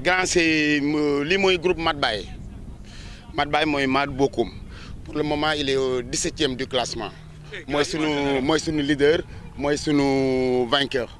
grand c'est euh, le groupe Matbay Matbay est Mat Bokum pour le moment il est au 17 e du classement nous, moi suis nous leader c'est nous vainqueur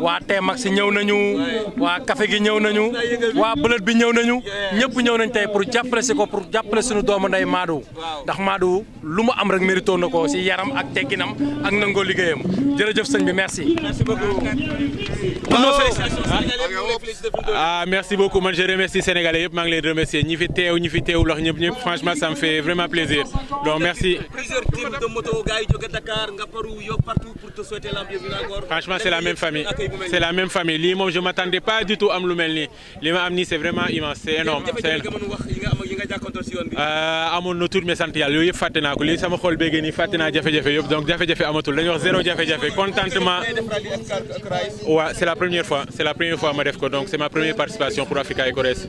waa Tmax ñew nañu wa café gi ñew nañu wa bëlët bi ñew nañu ñëpp ñew nañ tay pour jappalé si ko pour jappalé suñu doomu nday Madou ndax Madou luma am rek mérito nako ci yaram ak tegginam ak nangoo liggéeyam jërëjëf sëñ bi merci. merci beaucoup. ah merci beaucoup man je remercie sénégalais yëpp ma ngi lay remercier ñi fi teew ñi fi teewul wax ñëpp ñëpp franchement ça me fait vraiment plaisir donc merci. plusieurs teams de moto gars yi jóge Dakar nga paru yo partout pour te souhaiter la bienvenue encore. franchement c'est la même famille c'est la même famille lii moom je m'attendais pas du tout am lu mel nii li ma am c'est vraiment immense c'est énorme euh, amoon na tur mais sant yàlla yooyu yëpp fàtte naa ko lii sama xol béggee nii fàtte naa jafe-jafe yëpp donc jafe-jafe amatul dañuy wax zéro jafe-jafe contentement Ouais, c'est la première fois c'est la première fois ma def ko donc c'est ma première participation pour Africa Eco Race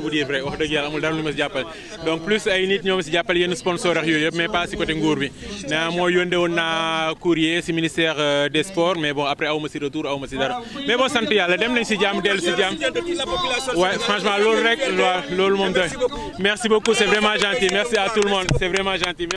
pour vous dire vrai wax dëgg yàlla amul dara lu ma si jàppale donc plus ay nit ñoom si jàppale yenn sponsor ak yooyu mais pas si côté nguur bi na moo yónde woon naa courrier ministère euh, des sports mais bon après aw ma si retour aw ma si dara mais bon sant yàlla dem nañ si jàmm dellu si jàmm waaw franchement loolu rek loolu moom doy merci beaucoup c'est vraiment gentil merci à tout le monde c'est vraiment gentil